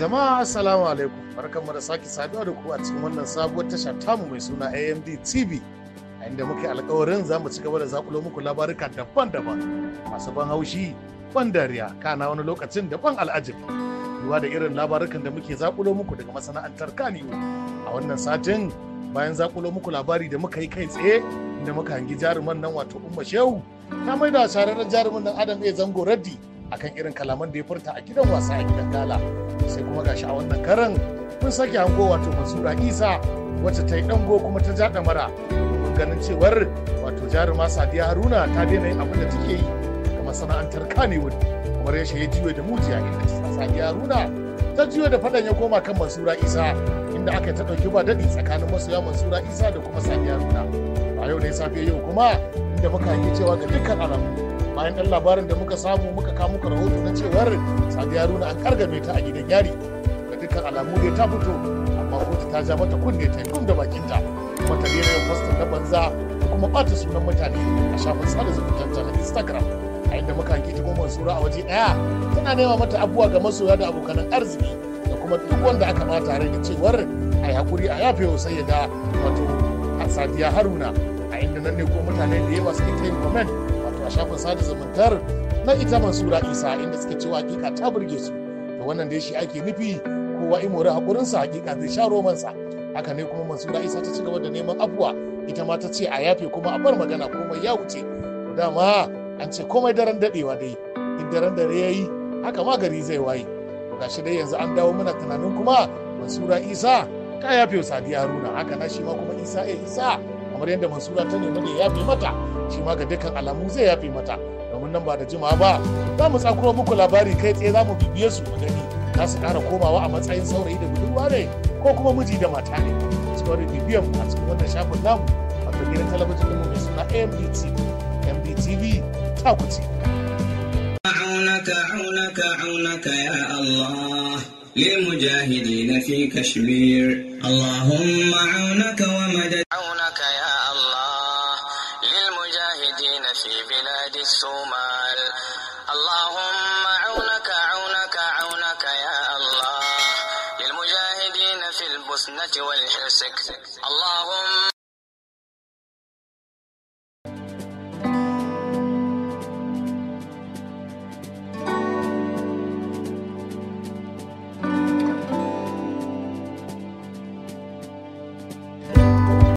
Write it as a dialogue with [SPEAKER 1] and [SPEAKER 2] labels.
[SPEAKER 1] Jama'a salamu alaikum barkanmu da sake saduwa da ku a cikin wannan sabuwar tasha tamu mai suna AMD TV a inda muke alkawarin za mu ci gaba da zakulo muku labaruka daban-daban masu ban haushi ban dariya kana wani lokacin da ban al'ajabi duwa da irin labarukan da muke zakulo muku daga masana'antar Kaniwo a wannan satin bayan zakulo muku labari da muka yi kai tsaye inda muka hangi jaruman nan wato Umma Shehu ta maida sharar jarumin nan Adam A Zango Raddi akan irin kalaman da ya furta a gidan wasa a gidan gala sai kuma gashi a wannan karan mun sake hango wato masura isa wacce ta yi dango kuma ta ja damara domin ganin cewar wato jaruma sadiya haruna ta daina yin abin da take yi ga masana'antar kanewood kamar ya ya jiwe da mujiya inda ta sadiya haruna ta jiwe da faɗan ya koma kan masura isa inda aka ta ɗauki ba daɗi tsakanin masoya mansura isa da kuma sadiya haruna a yau ne safe yau kuma inda muka yi cewa ga dukkan alamu bayan ɗan labarin da muka samu muka kawo muka rahoto na cewar sadiya haruna an kargame ta a gidan yari da dukkan alamu dai ta fito amma kotu ta ja mata kunne ta kum da bakinta kuma ta daina yin postin na banza da kuma ɓata sunan mutane a shafin sada zumuntanta na instagram a inda muka hanki ta goma sura a waje ɗaya tana nema mata abubuwa ga masoya da abokan arziki da kuma duk wanda aka ɓata tare da cewar a yi haƙuri a yafe wa sayyada wato sadiya haruna a inda nan ne ko mutane da yawa suke ta yin komen wato a shafin sada zumuntar na ita mansura isa inda suke cewa hakika ta burge su da wannan da shi ake nufi kowa hakurin sa hakika zai sha romansa haka ne kuma mansura isa ta ci gaba da neman afuwa ita ma ta ce a yafe kuma a bar magana komai ya wuce to dama an ce komai daren dadewa dai in daren dare ya yi haka ma gari zai waye gashi dai yanzu an dawo mana tunanin kuma mansura isa ka yafe sadiya haruna haka na shi ma kuma isa ya eh, isa kamar yadda mansura ta nemi da ya fi mata shi ma ga dukkan alamu zai yafi mata domin nan ba da jimawa ba za mu tsakuro muku labari kai tsaye za mu bibiye su mu gani za su ƙara komawa a matsayin saurayi da budurwa ne ko kuma miji da mata ne cikin bibiyan a cikin wannan shafin namu wato gidan talabijin ɗinmu mai suna AMDTV mbtv ta kuce. Aunaka aunaka aunaka ya Allah. للمجاهدين في كشمير اللهم عونك ومدد عونك يا الله للمجاهدين في بلاد الصومال اللهم عونك عونك عونك يا الله للمجاهدين في البسنة والحرسك اللهم